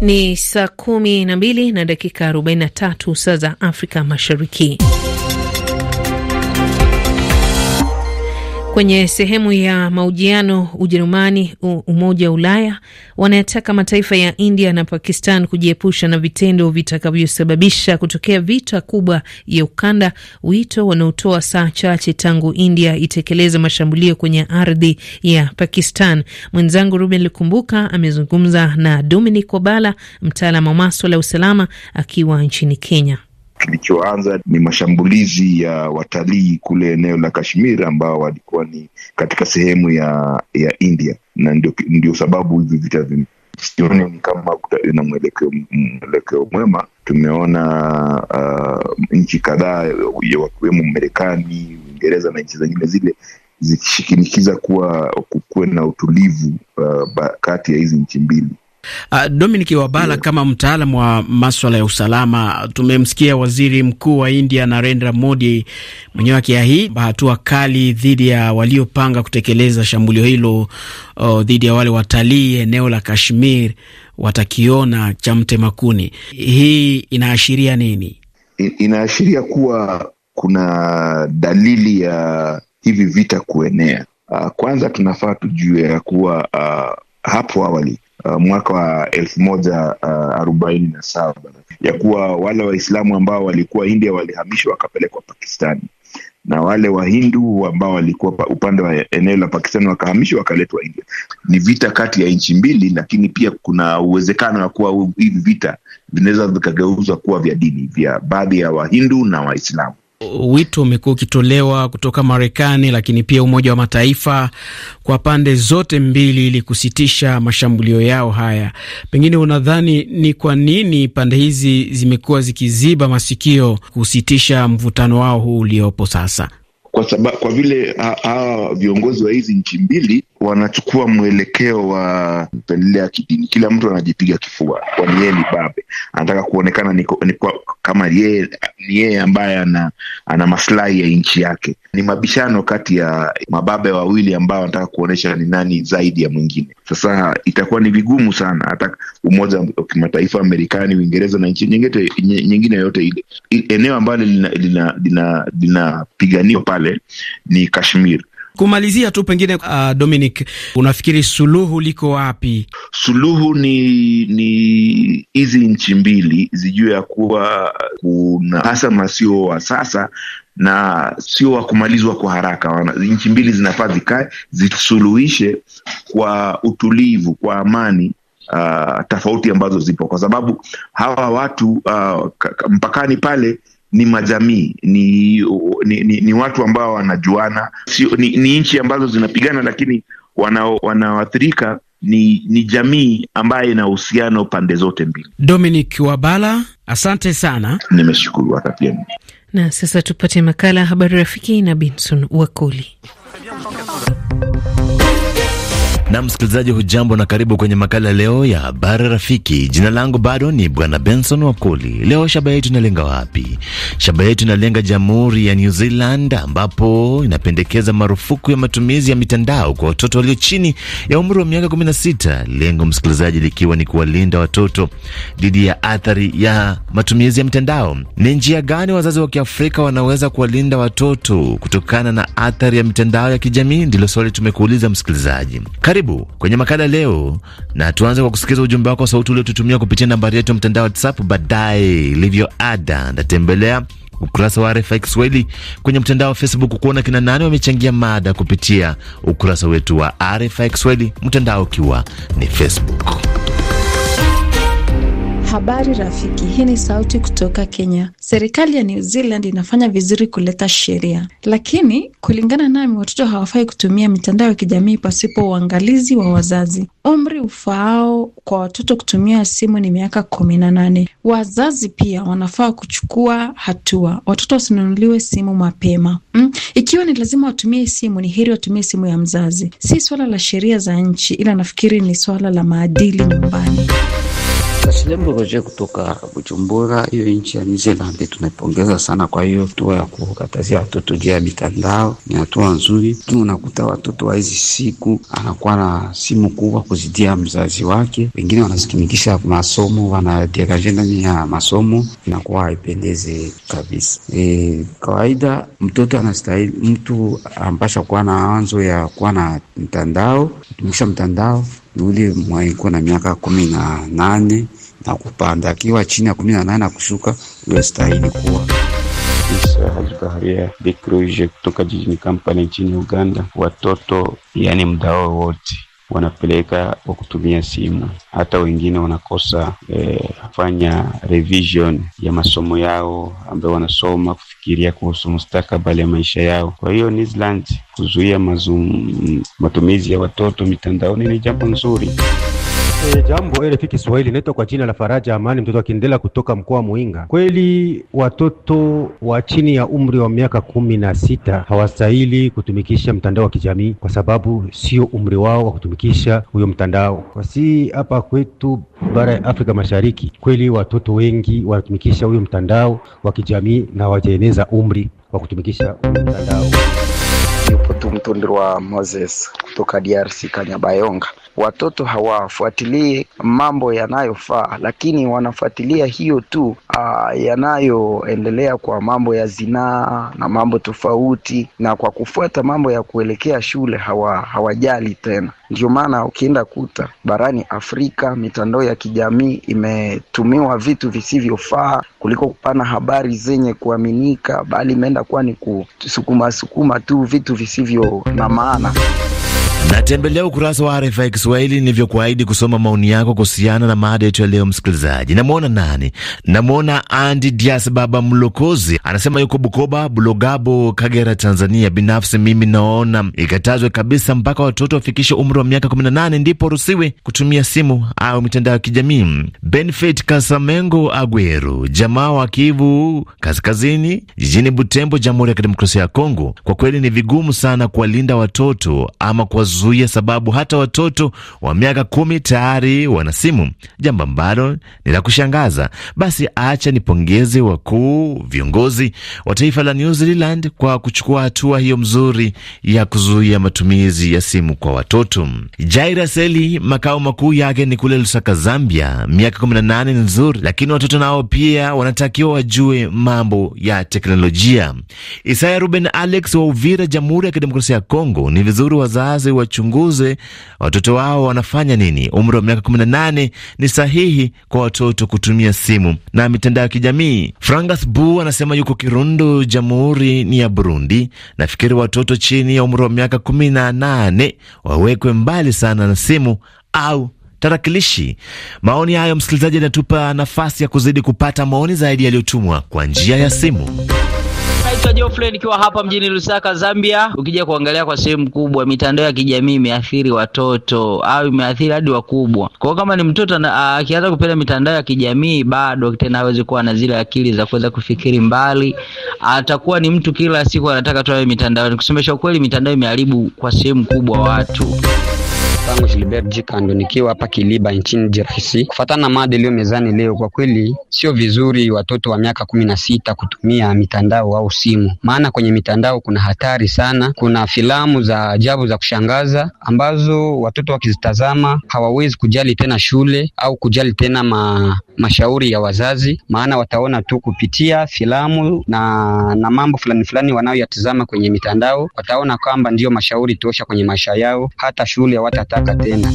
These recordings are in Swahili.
Ni saa kumi na mbili na dakika 43 saa za Afrika Mashariki. Kwenye sehemu ya mahojiano, Ujerumani, Umoja wa Ulaya wanayataka mataifa ya India na Pakistan kujiepusha na vitendo vitakavyosababisha kutokea vita kubwa ya ukanda, wito wanaotoa saa chache tangu India itekeleza mashambulio kwenye ardhi ya Pakistan. Mwenzangu Ruben Lukumbuka amezungumza na Dominic Wabala, mtaalam wa maswala ya usalama, akiwa nchini Kenya. Kilichoanza ni mashambulizi ya watalii kule eneo la Kashmir ambao walikuwa ni katika sehemu ya ya India, na ndio, ndio sababu hivi vita vi sioni ni kama na mwelekeo mwelekeo mwema. Tumeona uh, nchi kadhaa wakiwemo Marekani, Uingereza na nchi zingine zile zikishinikiza kuwa kuwe na utulivu uh, kati ya hizi nchi mbili. Uh, Dominic Wabala, yeah, kama mtaalamu wa maswala ya usalama, tumemsikia waziri mkuu wa India Narendra Modi mwenyewe akiahidi hatua kali dhidi ya waliopanga kutekeleza shambulio hilo uh, dhidi ya wale watalii eneo la Kashmir watakiona cha mtemakuni. Hii inaashiria nini? In, inaashiria kuwa kuna dalili ya hivi vita kuenea. Uh, kwanza tunafaa tujue ya kuwa uh, hapo awali uh, mwaka wa elfu moja uh, arobaini na saba ya kuwa wale Waislamu ambao walikuwa India walihamishwa wakapelekwa Pakistani na wale Wahindu ambao walikuwa upande wa eneo la Pakistani wakahamishwa wakaletwa India. Ni vita kati ya nchi mbili, lakini pia kuna uwezekano wa kuwa hivi vita vinaweza vikageuzwa kuwa vya dini vya baadhi ya Wahindu na Waislamu wito umekuwa ukitolewa kutoka Marekani, lakini pia Umoja wa Mataifa kwa pande zote mbili, ili kusitisha mashambulio yao haya. Pengine unadhani ni kwa nini pande hizi zimekuwa zikiziba masikio kusitisha mvutano wao huu uliopo sasa? Kwa sababu, kwa vile hawa viongozi wa hizi nchi mbili wanachukua mwelekeo wa pendelea kidini. Kila mtu anajipiga kifua, kwani yeye ni babe, anataka kuonekana niko, ni kama ni yeye ambaye ana, ana maslahi ya nchi yake. Ni mabishano kati ya mababe wawili ambao wanataka kuonyesha ni nani zaidi ya mwingine. Sasa itakuwa ni vigumu sana, hata Umoja wa Kimataifa, Marekani, Uingereza na nchi nyingine yoyote ile. Eneo ambalo linapiganiwa lina, lina, lina pale ni Kashmir Kumalizia tu pengine, uh, Dominic, unafikiri suluhu liko wapi? Suluhu ni ni hizi nchi mbili zijue ya kuwa kuna hasama sio wa sasa na sio wa kumalizwa kwa haraka. Nchi mbili zinafaa zikae zisuluhishe kwa utulivu, kwa amani. Uh, tofauti ambazo zipo kwa sababu hawa watu uh, mpakani pale ni majamii ni, ni, ni, ni watu ambao wanajuana, si, ni, ni nchi ambazo zinapigana, lakini wanaoathirika ni, ni jamii ambayo ina uhusiano pande zote mbili. Dominic Wabala, asante sana, nimeshukuru. Wakati na sasa tupate makala ya habari rafiki na Benson Wakoli. Na msikilizaji, hujambo na karibu kwenye makala leo ya habari rafiki. Jina langu bado ni bwana Benson Wakoli. Leo shaba yetu inalenga wapi? Shaba yetu inalenga jamhuri ya New Zealand, ambapo inapendekeza marufuku ya matumizi ya mitandao kwa watoto walio chini ya umri wa miaka 16, lengo msikilizaji likiwa ni kuwalinda watoto dhidi ya athari ya matumizi ya mitandao. Ni njia gani wazazi wa Kiafrika wanaweza kuwalinda watoto kutokana na athari ya mitandao ya kijamii? Ndilo swali tumekuuliza msikilizaji. Kari karibu kwenye makala leo, na tuanze kwa kusikiliza ujumbe wako wa sauti uliotutumia kupitia nambari yetu ya mtandao wa WhatsApp. Baadaye ilivyo ada, natembelea ukurasa wa RFI Kiswahili kwenye mtandao wa Facebook kuona kina nani wamechangia mada kupitia ukurasa wetu wa RFI Kiswahili, mtandao ukiwa ni Facebook. Habari rafiki, hii ni sauti kutoka Kenya. Serikali ya New Zealand inafanya vizuri kuleta sheria, lakini kulingana nami, watoto hawafai kutumia mitandao ya kijamii pasipo uangalizi wa wazazi. Umri ufaao kwa watoto kutumia simu ni miaka kumi na nane. Wazazi pia wanafaa kuchukua hatua, watoto wasinunuliwe simu mapema. Mm, ikiwa ni lazima watumie simu, ni heri watumie simu ya mzazi. Si swala la sheria za nchi, ila nafikiri ni swala la maadili nyumbani. Kashilembo Roje kutoka Bujumbura, hiyo nchi ya New Zealand. Tunaipongeza sana kwa hiyo hatua ya kukatazia watoto juu ya mitandao, ni hatua nzuri tu. Unakuta watoto wa hizi siku anakuwa na simu kubwa kuzidia mzazi wake, wengine wanasikimikisha masomo, wanaderaje ndani ya masomo, inakuwa haipendeze kabisa. E, kawaida mtoto anastahili mtu ampasha kuwa na anzo ya kuwa na mtandao, kutumisha mtandao yule mwaikuwa na miaka kumi na nane na kupanda, akiwa chini ya kumi na nane na kushuka, yule stahili kuwa Haji Baharia kutoka jijini Kampala nchini Uganda. Watoto yani mdao wote wanapeleka kwa kutumia simu. Hata wengine wanakosa eh, fanya revision ya masomo yao ambayo wanasoma, kufikiria kuhusu mustakabali ya maisha yao. Kwa hiyo New kuzuia mazum, matumizi ya watoto mitandaoni ni jambo nzuri. E, jambo RFI Kiswahili, naitwa kwa jina la Faraja Amani, mtoto akiendelea kutoka mkoa wa Muinga. Kweli watoto wa chini ya umri wa miaka kumi na sita hawastahili kutumikisha mtandao wa kijamii kwa sababu sio umri wao wa kutumikisha huyo mtandao. Kwa si hapa kwetu bara ya Afrika Mashariki, kweli watoto wengi wanatumikisha huyo mtandao wa kijamii na hawajaeneza umri wa kutumikisha mtandao. Yupo tu mtundiri wa Moses kutoka DRC Kanyabayonga watoto hawafuatilii mambo yanayofaa, lakini wanafuatilia hiyo tu ah, yanayoendelea kwa mambo ya zinaa na mambo tofauti, na kwa kufuata mambo ya kuelekea shule hawa hawajali tena. Ndio maana ukienda kuta barani Afrika mitandao ya kijamii imetumiwa vitu visivyofaa kuliko kupana habari zenye kuaminika, bali imeenda kuwa ni kusukuma sukuma tu vitu visivyo na maana. Natembelea ukurasa wa RFI Kiswahili nilivyokuahidi kusoma maoni yako kuhusiana na mada yetu ya leo. Msikilizaji, namwona nani? Namwona Andi Dias Baba Mlokozi, anasema yuko Bukoba, Bulogabo, Kagera, Tanzania. Binafsi mimi naona ikatazwe kabisa mpaka watoto wafikishe umri wa miaka 18 ndipo waruhusiwe kutumia simu au mitandao ya kijamii. Benefit Kasamengo Agweru, jamaa wa Kivu Kaskazini, jijini Butembo, Jamhuri ya Kidemokrasia ya Kongo. Kwa kweli ni vigumu sana kuwalinda watoto ama kuwa kuzuia, sababu hata watoto wa miaka kumi tayari wana simu, jambo ambalo ni la kushangaza. Basi acha nipongeze wakuu viongozi wa taifa la New Zealand kwa kuchukua hatua hiyo mzuri ya kuzuia matumizi ya simu kwa watoto. Jaira Seli makao makuu yake ni kule Lusaka, Zambia. Miaka 18 ni nzuri, lakini watoto nao pia wanatakiwa wajue mambo ya teknolojia. Isaya Ruben Alex wa Uvira, Jamhuri ya Kidemokrasia ya Kongo, ni vizuri wazazi wachunguze watoto wao wanafanya nini. Umri wa miaka 18 ni sahihi kwa watoto kutumia simu na mitandao ya kijamii. Frangas Bu anasema yuko Kirundu, Jamhuri ni ya Burundi. Nafikiri watoto chini ya umri wa miaka 18 wawekwe mbali sana na simu au tarakilishi. Maoni hayo, msikilizaji, anatupa nafasi ya kuzidi kupata maoni zaidi yaliyotumwa kwa njia ya simu naitwa Geoffrey nikiwa hapa mjini Lusaka, Zambia. Ukija kuangalia kwa sehemu kubwa, mitandao ya kijamii imeathiri watoto au imeathiri hadi wakubwa. Kwa kama ni mtoto ah, akianza kupenda mitandao ya kijamii, bado tena hawezi kuwa na zile akili za kuweza kufikiri mbali, atakuwa ni mtu kila siku anataka tu awe mitandaoni. Kusemesha ukweli, mitandao imeharibu kwa sehemu kubwa watu langu Gilbert Jikando nikiwa hapa Kiliba nchini DRC. Kufatana na mada iliyo mezani leo, kwa kweli sio vizuri watoto wa miaka kumi na sita kutumia mitandao au simu, maana kwenye mitandao kuna hatari sana. Kuna filamu za ajabu za kushangaza ambazo watoto wakizitazama hawawezi kujali tena shule au kujali tena ma, mashauri ya wazazi, maana wataona tu kupitia filamu na, na mambo fulani fulani wanayoyatazama kwenye mitandao, wataona kwamba ndiyo mashauri tosha kwenye maisha yao, hata shule hawatata kutaka tena.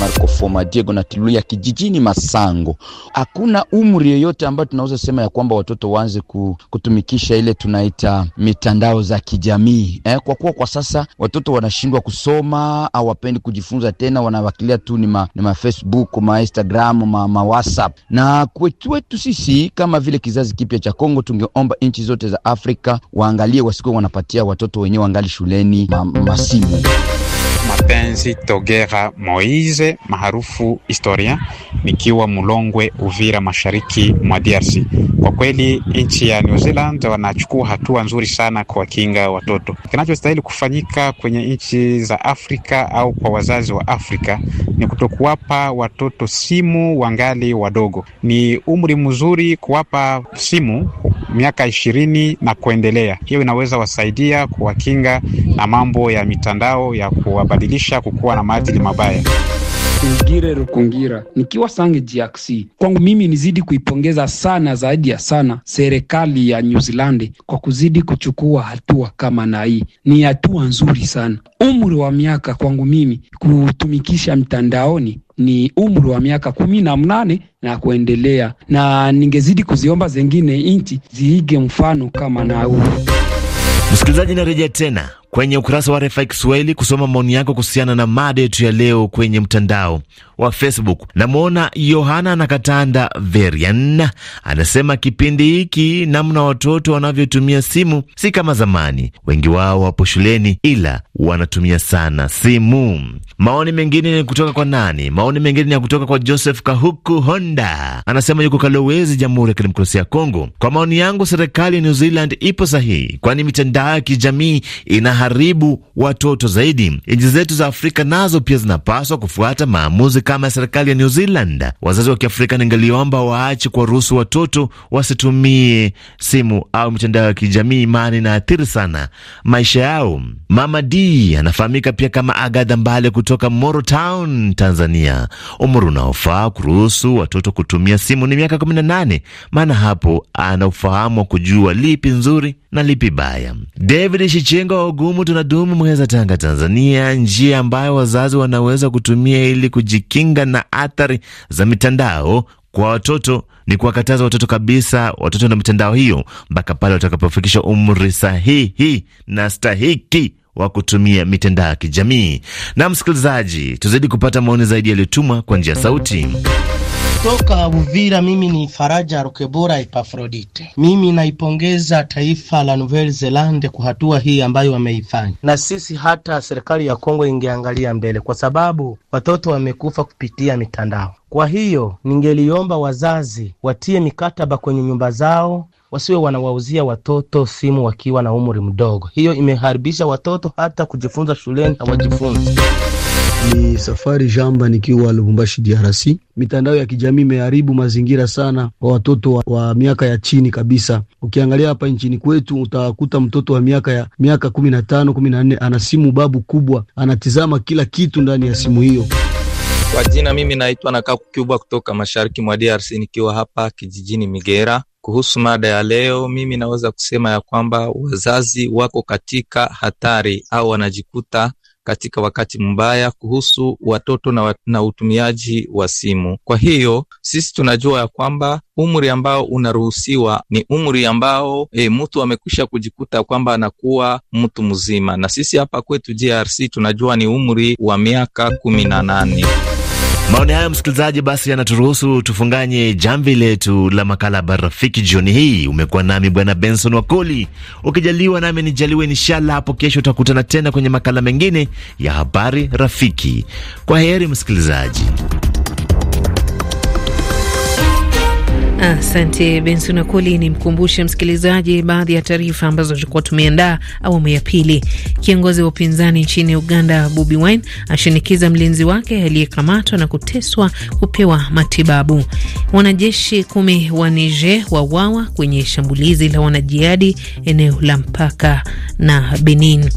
Marco Foma Diego na Tiluya kijijini Masango. Hakuna umri yoyote ambayo tunaweza sema ya kwamba watoto waanze kutumikisha ile tunaita mitandao za kijamii eh, kwa kuwa kwa sasa watoto wanashindwa kusoma au wapendi kujifunza tena, wanawakilia tu ni ma, ni ma Facebook, ma Instagram, ma, ma WhatsApp. Na kwetu wetu sisi kama vile kizazi kipya cha Kongo, tungeomba nchi zote za Afrika waangalie wasikuwa wanapatia watoto wenyewe wangali shuleni ma, masimu Mapenzi Togera Moise maarufu Historia, nikiwa Mulongwe, Uvira, mashariki mwa DRC. Kwa kweli nchi ya New Zealand wanachukua hatua nzuri sana kuwakinga watoto. Kinachostahili kufanyika kwenye nchi za Afrika au kwa wazazi wa Afrika ni kutokuwapa watoto simu wangali wadogo. Ni umri mzuri kuwapa simu miaka ishirini na kuendelea. Hiyo inaweza wasaidia kuwakinga na mambo ya mitandao ya kuwabadilisha kukuwa na maadili mabaya. Ngire Rukungira nikiwa Sange GRC. Kwangu mimi nizidi kuipongeza sana zaidi ya sana serikali ya New Zealand kwa kuzidi kuchukua hatua kama na hii, ni hatua nzuri sana. Umri wa miaka kwangu mimi kutumikisha mtandaoni ni umri wa miaka kumi na mnane na kuendelea, na ningezidi kuziomba zengine nchi ziige mfano kama nao. Msikilizaji, narejea tena kwenye ukurasa wa RFI Kiswahili kusoma maoni yako kuhusiana na mada yetu ya leo kwenye mtandao wa Facebook. Namwona Yohana Nakatanda Verian anasema kipindi hiki namna watoto wanavyotumia simu si kama zamani, wengi wao wapo shuleni, ila wanatumia sana simu. Maoni mengine ni kutoka kwa nani? Maoni mengine ni kutoka kwa Joseph Kahuku Honda, anasema yuko Kalowezi, Jamhuri ya Kidemokrasia ya Kongo. Kwa maoni yangu, serikali ya New Zealand ipo sahihi, kwani mitandao ya kijamii inaharibu watoto zaidi. Nchi zetu za Afrika nazo pia zinapaswa kufuata maamuzi kama ya serikali ya New Zealand. Wazazi wa Kiafrika ningeliomba waache kuwaruhusu watoto wasitumie simu au mitandao ya kijamii, maana inaathiri sana maisha yao. Mama D anafahamika pia kama Agadha Mbale kutoka Moro Town, Tanzania. Umri unaofaa kuruhusu watoto kutumia simu ni miaka 18, maana hapo ana ufahamu wa kujua lipi nzuri na lipi baya. David Shichenga wa Ugumu Tunadumu, Mweza, Tanga, Tanzania. Njia ambayo wazazi wanaweza kutumia ili kujikinga na athari za mitandao kwa watoto ni kuwakataza watoto kabisa watoto na mitandao hiyo mpaka pale watakapofikisha umri sahihi na stahiki wa kutumia mitandao ya kijamii. Na msikilizaji, tuzidi kupata maoni zaidi yaliyotumwa kwa njia sauti. Toka Uvira, mimi ni Faraja Rukebora Epafrodite. Mimi naipongeza taifa la Nouvelle Zelande kwa hatua hii ambayo wameifanya, na sisi hata serikali ya Kongo ingeangalia mbele, kwa sababu watoto wamekufa kupitia mitandao. Kwa hiyo ningeliomba wazazi watie mikataba kwenye nyumba zao wasiwe wanawauzia watoto simu wakiwa na umri mdogo. Hiyo imeharibisha watoto, hata kujifunza shuleni hawajifunzi. Ni Safari Jamba nikiwa Lubumbashi, DRC. Mitandao ya kijamii imeharibu mazingira sana kwa watoto wa, wa miaka ya chini kabisa. Ukiangalia hapa nchini kwetu utakuta mtoto wa miaka ya miaka kumi na tano kumi na nne ana simu babu kubwa, anatizama kila kitu ndani ya simu hiyo. Kwa jina mimi naitwa Nakaku Kubwa kutoka mashariki mwa DRC nikiwa hapa kijijini Migera. Kuhusu mada ya leo, mimi naweza kusema ya kwamba wazazi wako katika hatari au wanajikuta katika wakati mbaya kuhusu watoto na, wat, na utumiaji wa simu. Kwa hiyo sisi tunajua ya kwamba umri ambao unaruhusiwa ni umri ambao e, mtu amekwisha kujikuta kwamba anakuwa mtu mzima, na sisi hapa kwetu DRC tunajua ni umri wa miaka kumi na nane. Maoni hayo msikilizaji, basi yanaturuhusu tufunganye jamvi letu la makala Habari Rafiki jioni hii. Umekuwa nami Bwana Benson Wakoli, ukijaliwa nami nijaliwe, inshallah hapo kesho utakutana tena kwenye makala mengine ya Habari Rafiki. Kwa heri msikilizaji. Asante Benson Akoli. Ni mkumbushe msikilizaji baadhi ya taarifa ambazo tulikuwa tumeandaa awamu ya pili. Kiongozi wa upinzani nchini Uganda, Bobi Wine ashinikiza mlinzi wake aliyekamatwa na kuteswa kupewa matibabu. Wanajeshi kumi wa Niger wawawa kwenye shambulizi la wanajihadi eneo la mpaka na Benin.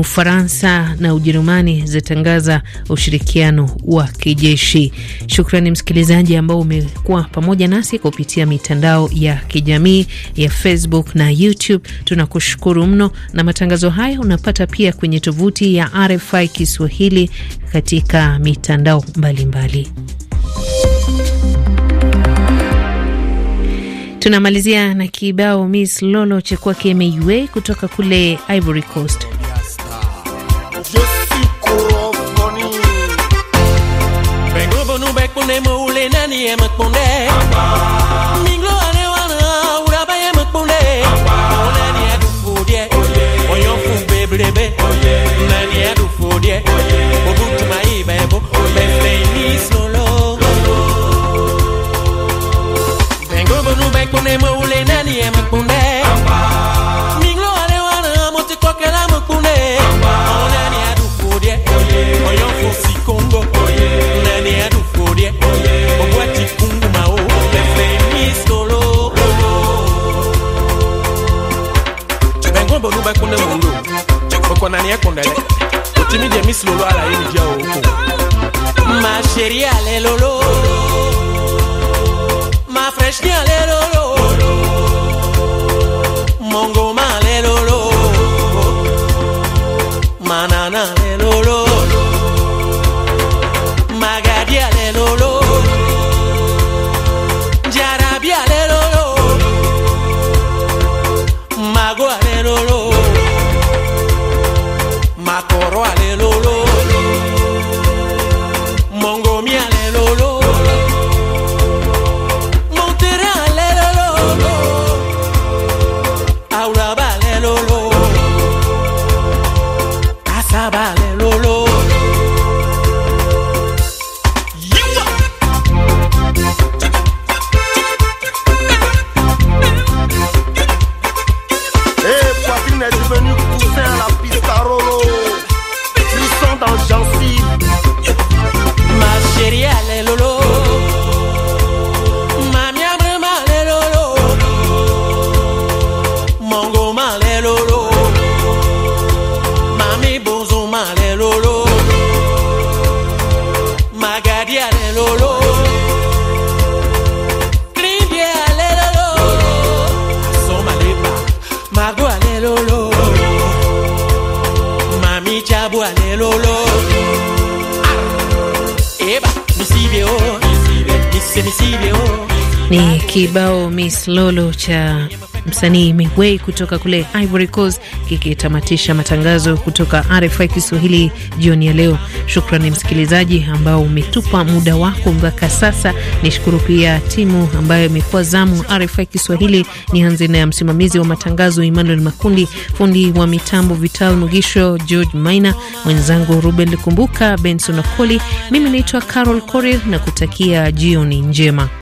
Ufaransa na Ujerumani zitangaza ushirikiano wa kijeshi. Shukrani msikilizaji ambao umekuwa pamoja nasi kwa kupitia mitandao ya kijamii ya Facebook na YouTube. Tunakushukuru mno, na matangazo haya unapata pia kwenye tovuti ya RFI Kiswahili katika mitandao mbalimbali mbali. Tunamalizia na kibao Miss Lolo cha kwake Meyue kutoka kule Ivory Coast. Nani emet mone Ming rispondere otimi de miss lolo alaye nìjẹ o. ma ṣeré alẹ́ lolo ma fresh ní lolo mongo ma ni kibao Miss Lolo cha msanii Migwei kutoka kule Ivory Coast, kikitamatisha matangazo kutoka RFI Kiswahili jioni ya leo. Shukrani msikilizaji ambao umetupa muda wako mpaka sasa. Nishukuru pia timu ambayo imekuwa zamu RFI Kiswahili. Nianze na msimamizi wa matangazo Emmanuel Makundi, fundi wa mitambo Vital Mugisho, George Maina, mwenzangu Ruben Kumbuka, Benson Okoli. Mimi naitwa Carol Coril na kutakia jioni njema.